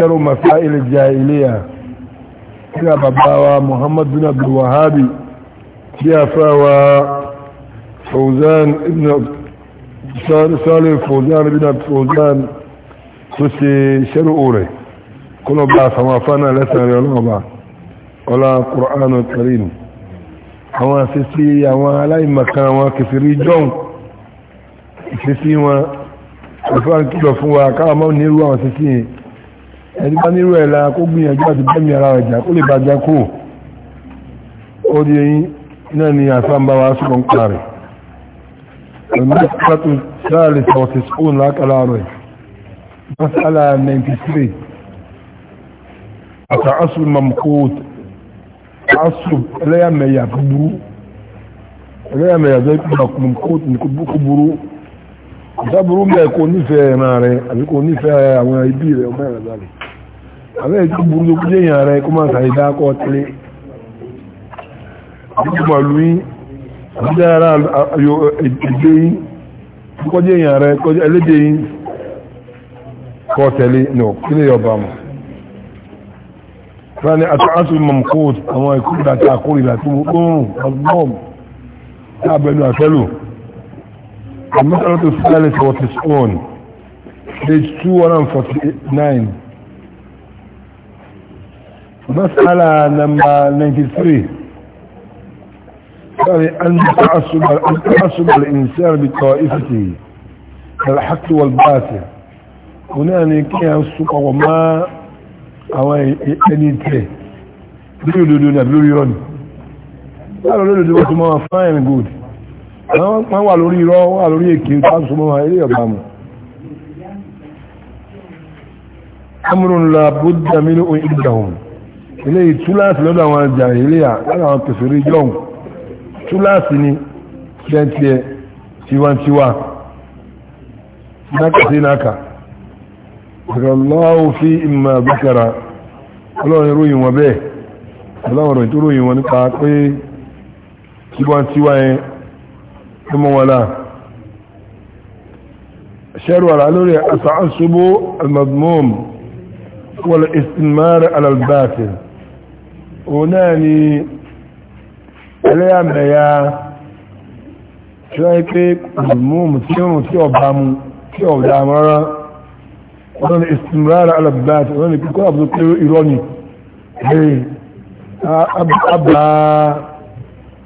أشهر مسائل الجاهلية يا باباوى محمد بن عبد الوهاب يا فاوى فوزان ابن صالح فوزان بن فوزان تسي شنو أوري كل بقى سمافانا لسنا لنوبة ولا قرآن الكريم àwọn àṣẹ́sí àwọn aláìmọ̀kan àwọn kèfèrí john ìṣẹ́sí wọn ìfẹ́ àkílọ̀ fún wa káàmọ́ nírú àwọn àṣẹ́sí yìí ẹni bá nírú ẹ̀ la kó gbìyànjú àti bẹ́mi ara ọjà kó lè bàjá kú ó di eyín náà ni àfáǹbáwá sọ̀rọ̀ ń pa rẹ̀ المسألة الثالثة وتسعون لك العرج مسألة 93 التعصب ممقوت تعصب لا يميع كبرو لا يميع ذلك ممقوت كبرو ìsáburú bẹ́ẹ̀ kò nífẹ̀ẹ́ ẹ̀ràn rẹ àbí kò nífẹ̀ẹ́ àwọn ibi rẹ ọmọ ẹ̀rọ balẹ̀ àbẹ́ ìjọ burú tó kújẹ́ èèyàn rẹ kó máa sàì dákọ́ tẹ́lẹ̀ àbúkù màlú yín àbújá ara ìgbé yín kọjẹ́ èèyàn rẹ kọjẹ́ ẹlẹ́dẹ̀ yín kọ́ tẹ́lẹ̀ nà kílẹ̀ ọba mọ̀ fúnni àtúntò mọ̀mọ́kóòtù àwọn ìkórìlà tí àkórìlà tó mú gbọ́n المسألة الثالثة وتسعون page 249 مسألة نمبر 93 قال أن تعصب الإنسان بطائفته الحق والباطل هنا نكيه السوق وما أو أنيته بيقولوا لنا بيقولوا لنا قالوا لنا دلوقتي ما فاين جود wọ́n wà lórí irọ́ wà lórí èkì ìtàṣùmọ́ ilé ọ̀bá mọ̀ amúrùn la búdà mílò ìdáhùn ilé ìtúláàsì lọ́dọ̀ àwọn àjà ilé à lọ́dọ̀ àwọn kẹsìrí jọun túláàsì ni tiẹ̀tiẹ̀ tiwantiwa náka sí náka ìrọ̀lọ́wọ́ fi ìmọ̀ àbúkẹ́ra ọlọ́run ròyìn wọn bẹ́ẹ̀ ọlọ́run ròyìn tó ròyìn wọn nípa pé tiwantiwa yẹn ثم ولا شر العلوري التعصب المضموم والاستمار على الباطل هناني عليها ميا شايفك مضموم تيوم تيوم بامو تيوم دامرا wọn istimrara ala baati wọn ni kíkọ́ àbúkọ́ ìrọ́ ni abba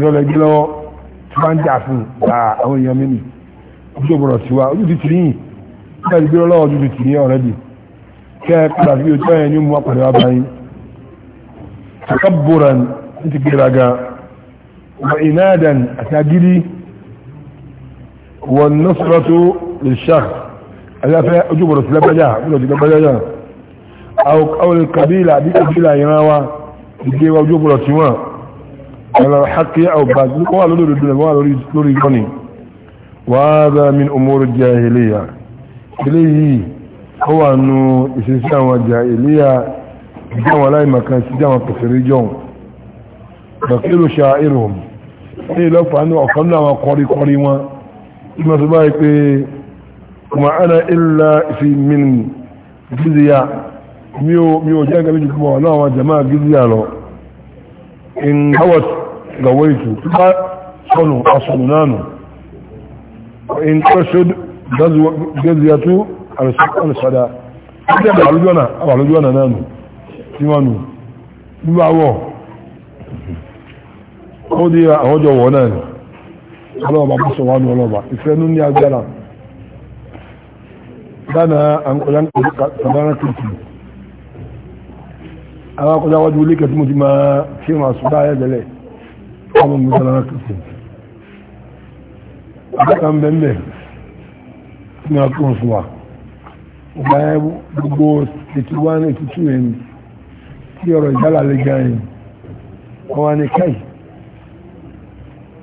yọlọ ẹgbẹ́ lọ́wọ́ tí wọ́n ń jà fún gba àwọn èèyàn mímì ojú òbọ̀rọ̀ tiwa ojú ti tì yìí nígbà tí gbéró lọ́wọ́ ojú ti tì yìí ọ̀rẹ́dì kẹ́ ẹ padà sí ojú ẹ̀yẹn ní mú apàdé wa báyìí takabburan ní ti gbéraga wa inadan àti agídí wọn nọ́sọ̀rọ̀tò lè ṣá aláfẹ́ ojú òbọ̀rọ̀ ti lẹ́gbẹ́jà ojú ti lẹ́gbẹ́jà àwọn kabila àbí kabila ìran wa ìgbé wa ojú òbọ̀rọ̀ tiwọn على الحق أو باطل قالوا لوري الدنيا قالوا لوري قني وهذا من أمور الجاهلية إليه هو أنه إسلام والجاهلية جان ولا مكان سجان وقصري جون بقيل شاعرهم إيه لو فأنه أقلنا وقري قري ما إما سبايك وما أنا إلا في من جزية ميو ميو جانك ميجي كما ولا وجماعة جزية له إن هوت غويت صنو أصنانو وإن تشد جزية الصلاة أنت بعلجونا بعلجونا نانو سيوانو ببعوه قضي أهجو ونانو ọlọ́ọ̀bà bó sọ wà ní ọlọ́ọ̀bà ìfẹ́nú ní agbára dáná àkọjá kàbára kìtì àwọn akọjá wájú ilé kẹtí mo ti máa ṣe wọn àṣùgbà ayẹ́gbẹ̀lẹ̀ ọmọ mi sára kìí àkàkà ń bẹ̀m̀bẹ̀ ní àkùn fún wa ọba ẹ gbogbo 81 82 ẹni tí ọ̀rọ̀ ìjálà lè ga ẹni ọwọ́ ni káì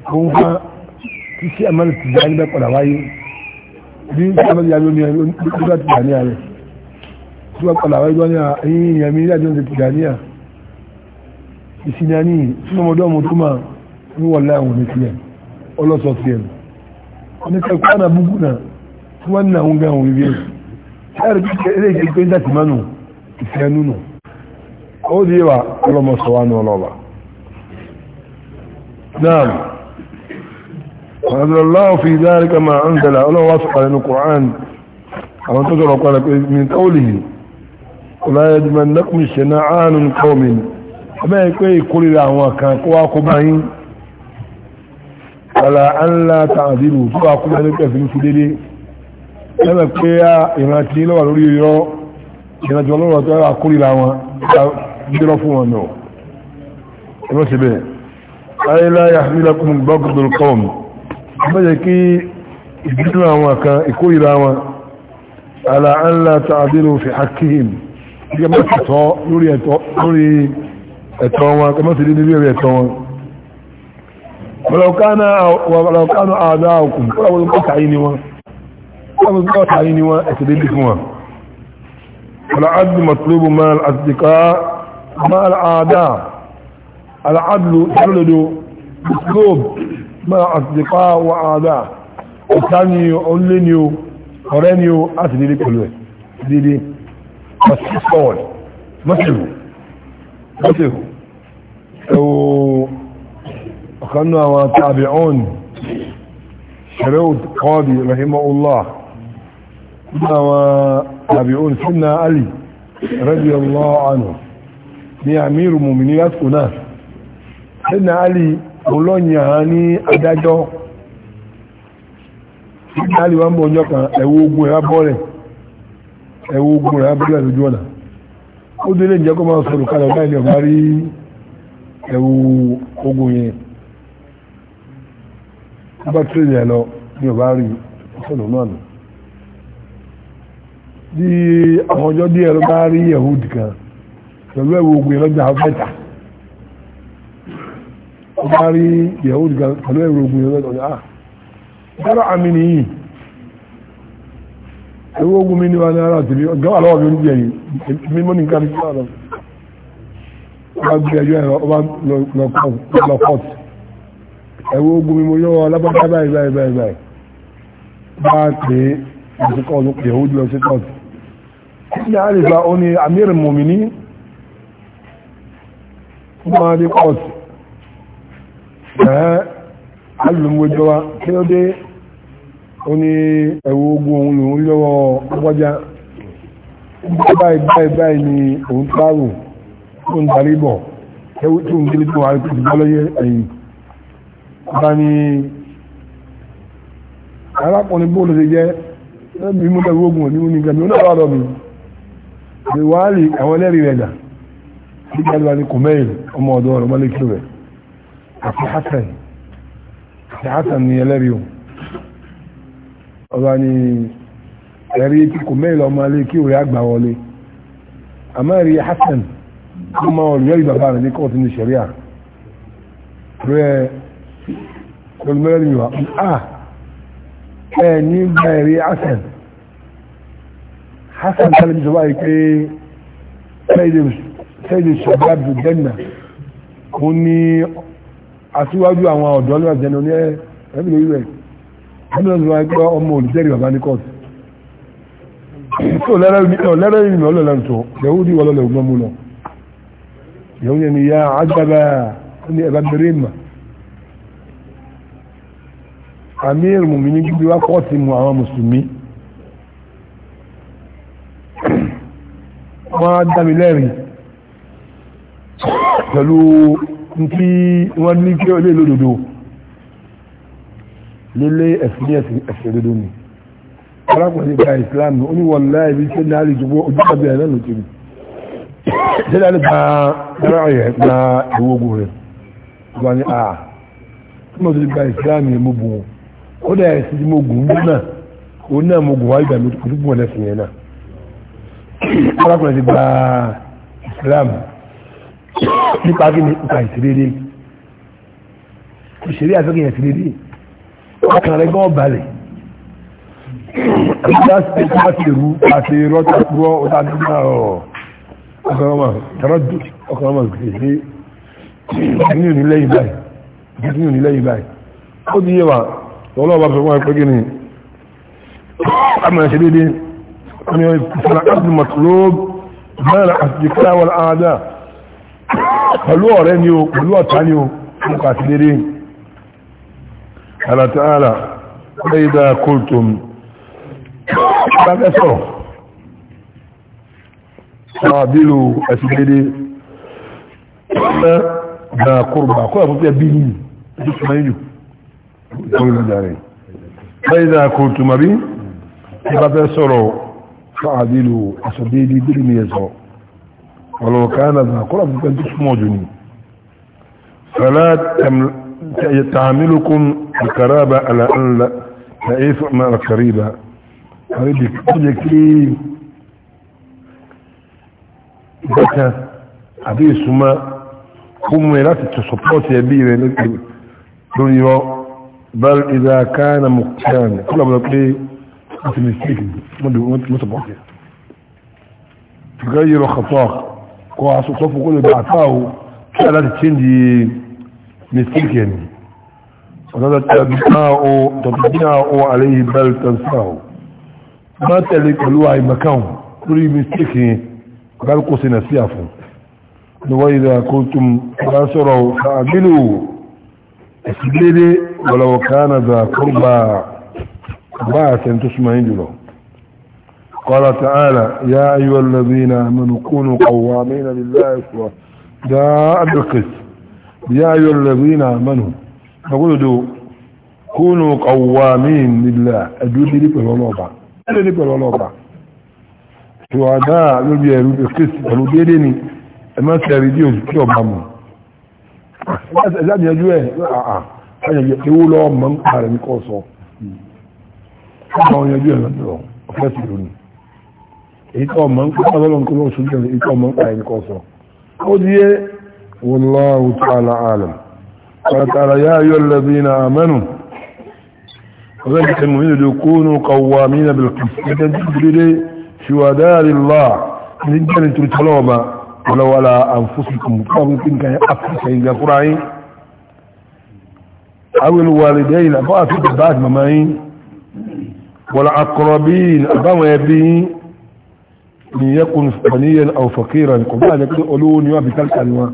òun fa tí sí àmàlì tìjà níbẹ̀ padà wáyé bí ní àmàlì yàrá ní ẹni nígbà tìjà ní ààrẹ tí wọ́n padà wáyé lọ́ní ẹ̀yìn ìyàmí ní àjọ́ tìjà ní à ní wọ́n láwọn ní tiẹ̀ ọlọ́sọ̀ tiẹ̀ ní kẹ́kọ́ àná búkú náà tí wọ́n ní àwọn gan òwúrẹ́ yẹn ṣáàrì bí kẹ́lẹ́ ìṣẹ́ pé ń dàtí mánu ìfẹ́ nínú ó di wa ọlọ́mọsọ wa ní ọlọ́ba náà وأنزل الله في ذلك ما أنزل الله وصف لأن القرآن أما تجر قال من قوله ولا يجمنكم شنعان قوم أما يكون يقول لهم وكان قواكم بهم ọ̀la ńlá tààdìlù tó wà kúrò ní pẹ̀sì ní ṣúdédé lẹ́mẹ̀ pé á ìrántí lọ́wà lórí irọ́ ìrántí ọlọ́rọ̀ tó wà kórìíra wọn gbérọ́ fún wọn náà ẹgbẹ́ ṣe bẹ́ẹ̀ ayéláyà nílẹ̀kùn gbọ́gbọ́dọ̀ kọ́ọ̀m mẹ́jẹ̀ kí ìbínú àwọn kan ìkórìíra wọn ọ̀la ńlá tààdìlù fi hakihim gẹ́gẹ́ mọ́ ẹ̀tọ́ lórí ẹ̀tọ́ wọn gẹ́gẹ́ mọ́ ọlọ́kánà àádọ́ àkùn ọlọ́kọ̀tàyí ni wọ́n ẹ̀sẹ̀ dédé fún wọn al'adu matlubu ma al'adika ma al'ada al'adu tàlódò matlubu ma al'adika wa àádá ọ̀tá ni ọlé ni kanú àwọn tabi'un shari'ud qadi rahimahullah kanú àwọn tabi'un sunna ali radiyallahu anhu ni amiru mumini lásìkò náà sunna ali olóyìn ní adájọ́ sunna ali wọ́n bọ̀ ọjọ́ kan ẹ̀wọ́ ogun ẹ̀wà bọ́ọ̀lẹ̀ ẹ̀wọ́ ogun ẹ̀wà bọ́ọ̀lẹ̀ lójú ọ̀nà ó délé ìjẹ́kọ́ máa sọ̀rọ̀ kalẹ̀ ọ̀gá ilẹ̀ ọ̀gá rí ẹ̀wọ́ ogun yẹn bá tírèdì ẹ̀ lọ ní ọba rí ọ̀sọ̀nà náà nù bí ọjọ́ díẹ̀ ló bá rí yahudi kan pẹ̀lú ẹ̀wọ̀ ogun ìrọ́jà mẹ́ta ó bá rí yahudi kan pẹ̀lú ẹ̀wọ̀ ah àmì nìyí ẹ̀wọ̀ mi ní ara wà lọ́wọ́ mi ń jẹ yìí mímọ́ nìkan ní kí ẹ̀wọ́ ogun mi mo yọ́ ọlápàá báyìí báyìí báyìí báyìí bá pé ìsìnkọ́ ọdún pé ó jùlọ sí kọ́ọ̀tù ní àrífà ó ní amírin mòmìnì máa dé kọ́ọ̀tù ẹ̀ẹ́ alùmọ̀jọ́ wa kí ó dé ó ní ẹ̀wọ́ ogun òun lòun lọ́wọ́ ọgbọ́já báyìí báyìí báyìí ni òun tárù tó ń darí bọ̀ ẹ̀wọ́ tó Bani ní arákùnrin bóòlù ṣe jẹ́ ẹbí mú lẹ́gbẹ́ ogun òní ní gẹ̀mí onáwó àlọ́ mi lè wá lè àwọn ẹlẹ́rìí rẹ̀ dà nígbà tí wà ní ọmọ ọ̀dọ́ rẹ̀ ọmọ lẹ́kìlú rẹ̀ àti Hassan àti Hassan ní ẹlẹ́rìí o ọba ní ẹ̀rí tí kùmẹ́yìn ọmọ lẹ́kìlú rẹ̀ àgbà wọlé àmọ́ ẹ̀rí Hassan ọmọ olùyẹ́rì bàbá rẹ̀ ní kọ́ọ̀tù ní ṣẹ̀ríà rẹ̀ olùmọ́lẹ́lì yíwa ah ẹ ní bẹ̀rẹ̀ Hassan Hassan tàbí ìjọba ìpé sẹ́ẹ̀dẹ̀ ṣọ̀gbábù jẹ́nà ó ní aṣíwájú àwọn ọ̀dọ́ lọ́wọ́ jẹ́nà ní ẹ̀mìlẹ̀ ìwẹ̀ ọmọ olùjẹ́rì bàbá ní kọ́ọ̀tù tó lẹ́rẹ́ ìrìnà ọlọ́lẹ́ntọ́ yẹ̀húdí wọlọ́lẹ̀ ògbọ́n mú lọ yẹ̀húdí ni ya àjábá ní ẹ̀bá amir mumini gbígbé wá kọ́ọ̀tì mu àwọn mùsùlùmí wọ́n á dá mi lẹ́rìí pẹ̀lú ntí wọ́n ní kí olè lódodo lílé ẹ̀sìn ní ni arákùnrin gba islam ó ní wọ́n láì bí sẹ́ni àlè jùgbọ́ ojú ọ̀bẹ̀ ẹ̀ lẹ́nu tìrì sẹ́ni àlè gba ẹ̀rọ ẹ̀ gba ìwógun rẹ̀ wọ́n ní a ah, tí mo ti gba islam yẹn mú bu wọn ó dẹ̀ sí mo gùn ún na òun na, mo gùn wáyé ìgbà mi kò tó gbọ́n lẹ́sìn yẹn náà arákùnrin ti gba Islam nípa kí ni nípa ìṣèlérí ìṣèlérí àti ọkùnrin ìṣèlérí ọkàn rẹ gbọ́n balẹ̀ ìgbà sí ká ti rú àti rọ́tà rọ́ ọ̀tá nígbà ọ̀ ọkàn ọmọ tọrọ dùn ọkàn ọmọ gbèsè ní lẹ́yìn báyìí ní lẹ́yìn báyìí ó di yé wa lọ́wọ́ bá fẹ́ wọ́n pé kí ni àmà ṣe dédé wọ́n ni ìfẹ́lá àti matlub mẹ́rin àti káwọn àádá pẹ̀lú ọ̀rẹ́ ni o pẹ̀lú ọ̀tá ni o mú kà sí dédé Allah ta'ala idha qultum sọ̀rọ̀ sàbílù ẹ̀sì dédé ẹ̀dà kúrbà kọ́ ẹ̀fọ́fẹ́ bí فإذا كنتم بي فبصروا فعدلوا أصديدي بالميزة ولو كان ذا قرب فانت سموجني فلا تعملكم القرابة على أن لا تعيف مع القريبة أريدك كي بكى أبي سما كم لا تتصبوت يبي لوني بل إذا كان مقتان كل ما تقول أنت مستيكن متبعك تغير خطاك كواس وصف كل بعثاه كلا تتشندي مستيك يعني وهذا تبناء تبناء عليه بل تنساه ما تلك الوعي مكان كل مستيك قال قصنا سيافه وإذا كنتم تنصروا فأعملوا ìdílé wọ̀lọ̀wọ̀ kánàdà kúrbà bá àtẹ́ntó súnmọ́ jùlọ قال تعالى يا أيها الذين آمنوا كونوا قوامين لله داء بالقسط يا أيها الذين آمنوا فقلوا كونوا قوامين لله أدوني لك الولوبة أدوني لك الولوبة شهداء بالقسط قالوا ديني ما سيريديهم كيوب همهم ẹ̀dáàdì ẹjú ẹ̀ ayẹyẹ ewu lọ mọ ń pa rẹ̀ ní kọ́ sọ ọgbà wọn yẹjú ẹ̀ lọ́dọ̀ ọ̀fẹ́ sí lónìí èyí tó mọ ń pa rẹ̀ lọ́dọ̀ nǹkan lọ́sọ jẹ́ èyí tó mọ ń pa rẹ̀ ní kọ́ sọ ó di yé wallahu ta'ala alam ọ̀tàrà yá ayọ́ lẹ́bí na amẹ́nu ọ̀fẹ́ sí ẹnu yìí lè kónú kọwà mí na bilkis ẹ̀dẹ́ wala wala anfusikum kawun kin kai afisa in ga qur'ani awil walidayni ba fi ba'd mamayin wala aqrabin abawa yabi ni yakun ghaniyan aw faqiran qala lak ulun wa bikal kalwa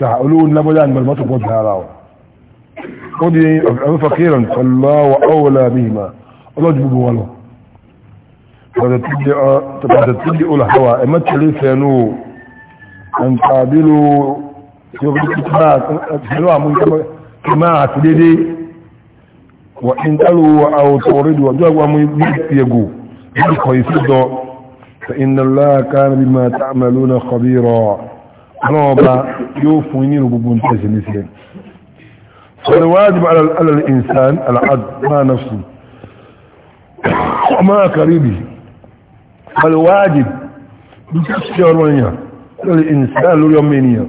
ta'ulun la badan bal matu qad haraw qudi aw faqiran fallahu awla bihima rajbu wala فلا تبدئ الهواء ما تلي فانو an tabilu yóò mú kí máa àti dédé wà ní tàlù àwòtò orílẹ̀ ọjọ́ àwọn mú yẹgò yìí kọ̀ yìí sídọ̀ inna Allaha kana bima ta'maluna khabira ọlọ́ọba yóò fún ní gbogbo tẹ̀sẹ̀ níṣẹ́ فالواجب على على الانسان العدل مع نفسه ومع قريبه فالواجب بتشكي ورمانيا lórí ìsìlẹ̀ lórí ọmọ ènìyàn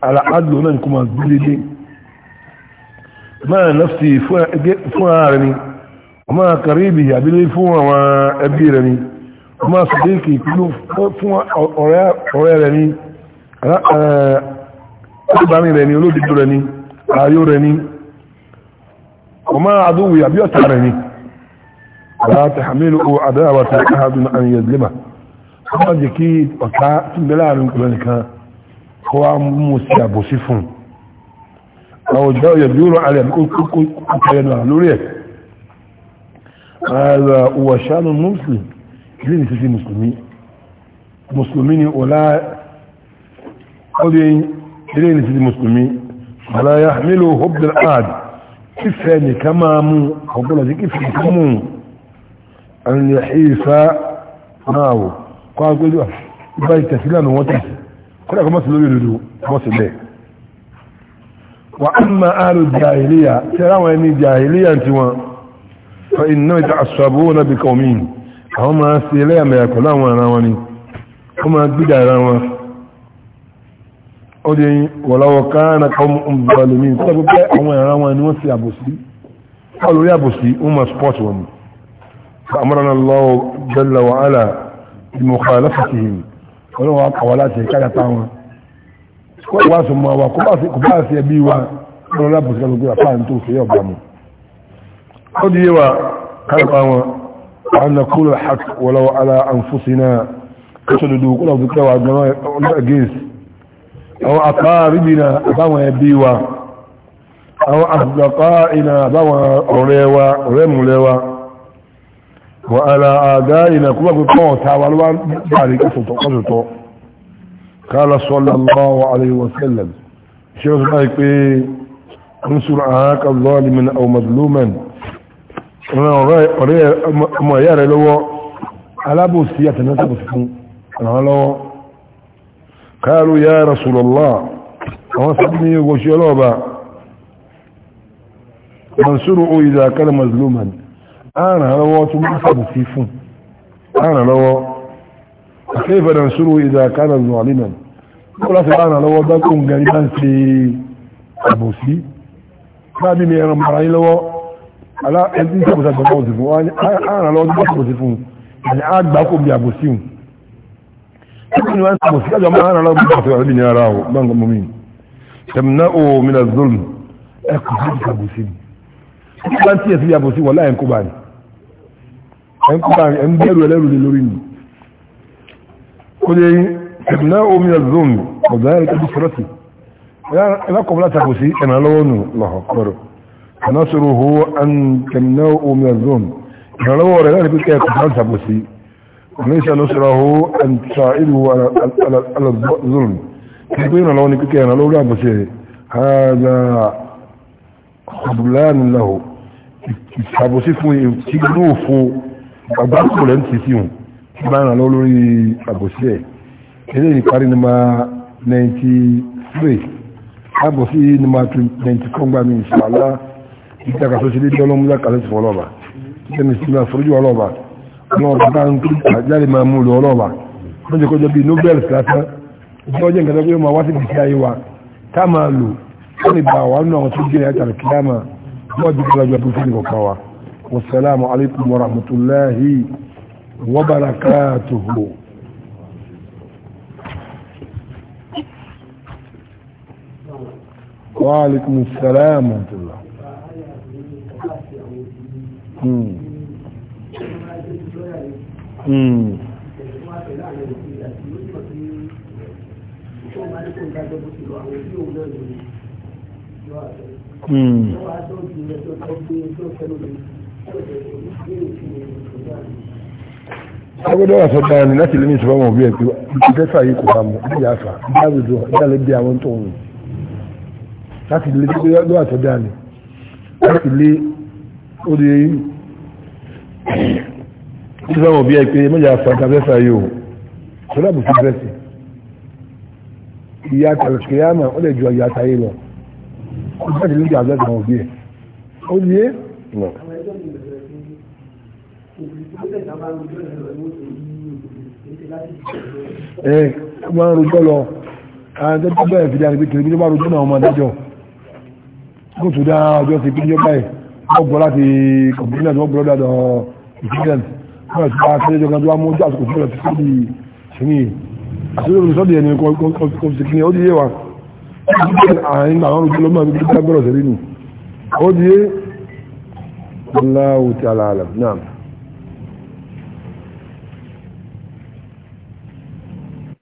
aláàdùn náà ni kò máa gbílélé máa nafsi fún ààrẹ ni ọmọ kàríbì àbílé fún àwọn ẹbí rẹ̀ ni ọmọ sàdéèkì pẹ̀lú fún ọ̀rẹ́ rẹ̀ ni alábàárin rẹ̀ ni olódìdó rẹ̀ ni ayó rẹ̀ ni ọmọ àdúwì àbíọ̀tà rẹ̀ ni aláàtàhàmílò àdáwàtà àhàdùn àyẹ̀dìlẹ́mà wọ́n jẹ́ kí ọ̀tá tí bẹ́ẹ̀ láàrin ìpínlẹ̀ nìkan kó wá mú sí àbòsí fún àwọn ìjọ ìyẹ̀ bí ó rán alẹ́ kó kẹrẹnu à lórí ẹ̀ ara òwò ṣánú muslim ilé ní sísí mùsùlùmí mùsùlùmí ni ọ̀lá ọdún ilé ní sísí mùsùlùmí kọ́ agbẹ́lú ìbá ìtẹ̀sílẹ̀ ni wọ́n na kọ́lá kọ́ mọ́sí lórí òdodo mọ́sí bẹ́ẹ̀ wà á máa àrò jàìlíyà tí ara ẹni jàìlíyà ti wọn fa iná ìta àṣàbò wọn lábí kan míì àwọn máa ń ṣe lẹ́yàmẹ̀yà pẹ̀lú àwọn ara wọn ni wọ́n máa gbídà ara wọn ó dé wọ̀láwọ̀ káàna kan ń bọ̀ lómi pẹ́ àwọn ara wọn ni wọ́n ṣe àbòsí lórí àbòsí wọ́n máa wọn mu. بمخالفتهم ولو قولات كان طعما كل واس ما وكباس كباس يبيوا ولا لابس كانوا يقولوا فان تو في يوم قد يوا كان طعما أن نقول الحق ولو على أنفسنا كسدوا كل ذكر وعندنا أجيس أو أقاربنا طعما يبيوا أو أصدقائنا طعما أوليوا أوليوا وعلى آدائنا كما قلت تعالوا ذلك قصته قال صلى الله عليه وسلم شيخ مايك انصر عهاك الظالم او مظلوما رأي قرية اما ياري لو على انا لو قالوا يا رسول الله اما وصدني وشلوبا منصره اذا كان مظلوما àràn lọ́wọ́ tó mú sàbù sí fún àràn lọ́wọ́ kayfa nansuru idha kana zaliman kó láti àràn lọ́wọ́ dákò ń gari bá ń ṣe àbòsí láàbí mi ẹran mara yín lọ́wọ́ alá ẹni tí sàbù sàbù sàbù sí fún àràn lọ́wọ́ tó sàbù sí fún ẹni àgbà bí àbòsí hùn kí ni wọ́n sàbù sí kájọ máa àràn lọ́wọ́ bí sàbù sí ní ara ọ̀ gbọ́ngàn mọ́mí tamna'u min az-zulm ẹkùn sí sàbù sí ní. Ìgbà tí ẹ̀sìn yàbò sí wọ́n láyé ń báyìí ẹn bẹ̀rù ẹlẹ́rù lè lórí ni ó lè ẹ̀bùná omi ọ̀zọ́m ọ̀dá ẹ̀rẹ́ tẹ́bí fọ́rọ́tì ẹlákọ̀ọ́ látàkù sí ẹ̀nà lọ́wọ́ nù lọ́họ̀kọ́rọ̀ ẹ̀nà sọ̀rọ̀ hó an kẹ̀mìnà omi ọ̀zọ́m ẹ̀nà lọ́wọ́ rẹ̀ láti pípẹ́ ẹ̀kọ́ látàkù sí ọ̀nà sọ̀rọ̀ hó an tra ìlú alọ́zọ́m pípẹ́ ẹ̀nà lọ́wọ́ ni pípẹ́ ẹ̀nà lọ́wọ́ àbùsẹ̀ hàdà ọ̀bùlánù ìṣàbòsí fún ìṣ ọgbà kò rẹ̀ ń ti sí òun tí bá ràn lọ́wọ́ lórí àbòsí ẹ̀ eré ìparí nọmba 93 àbòsí nọmba 94 gbà mí ìṣàlá ìjàkàsó sí dédé ọlọ́múlá kàlẹ́ sí fọlọ́ba títẹ́ni sí máa forójú ọlọ́ba ọlọ́ba bá ń kú àjáde máa mú lọ ọlọ́ba lọ́jọ́ kọjọ́ bíi nobel lásán ìjọ́jẹ́ nǹkan tó gbé máa wá sí ìgbésí ayé wa tá máa lò wọ́n lè bá àwọn àwọn tó gbé ẹ̀yà والسلام عليكم ورحمة الله وبركاته وعليكم السلام ورحمة الله Mm. Mm. agbẹ́dọ́ àṣọ dára ní láti lẹ́yìn ìṣọ́fà wọn bí ẹ̀ pé ìfẹ́fà yìí kò bá mú ìyá àfà ìdáàbòdò ìdálẹ́ bí àwọn tó ń láti lé gbẹ́dọ́ àṣọ dára ní láti lé ó di ìṣọ́fà wọn bí ẹ̀ pé mẹ́jà àfà ìdáfẹ́fà yìí o sọ́dọ̀ àbùkù fẹ́sì ìyá kàlùkìyàmà ó lè ju ọ̀yà àtàyè lọ ó ti láti lé gbẹ́dọ́ àṣọ dára wọn bí ẹ̀ ẹ wọ́n rojọ́ lọ ààrẹ tó bẹ̀rẹ̀ fìdí àrẹ́gbẹ̀ kìrìbí ló bá rojọ́ náà ọmọ adájọ́ kò tó dá ọjọ́ sí pínjọ́ báyìí wọ́n gbọ́ láti kọ̀mpútínà tí wọ́n gbọ́ lọ́dọ̀ ìfìdíẹ̀n wọ́n rẹ̀ tó bá kẹ́lẹ́jọ́ kan tó wá mú ojú àsìkò tó rẹ̀ tó sí ìṣẹ́ni àti lórí sọ́dì ẹni kọ́ sí kìnìyàn ó di yé wa àárín àwọn rojọ́ lọ́mọ àti gbẹ́rọ̀ sẹ́rí nù ó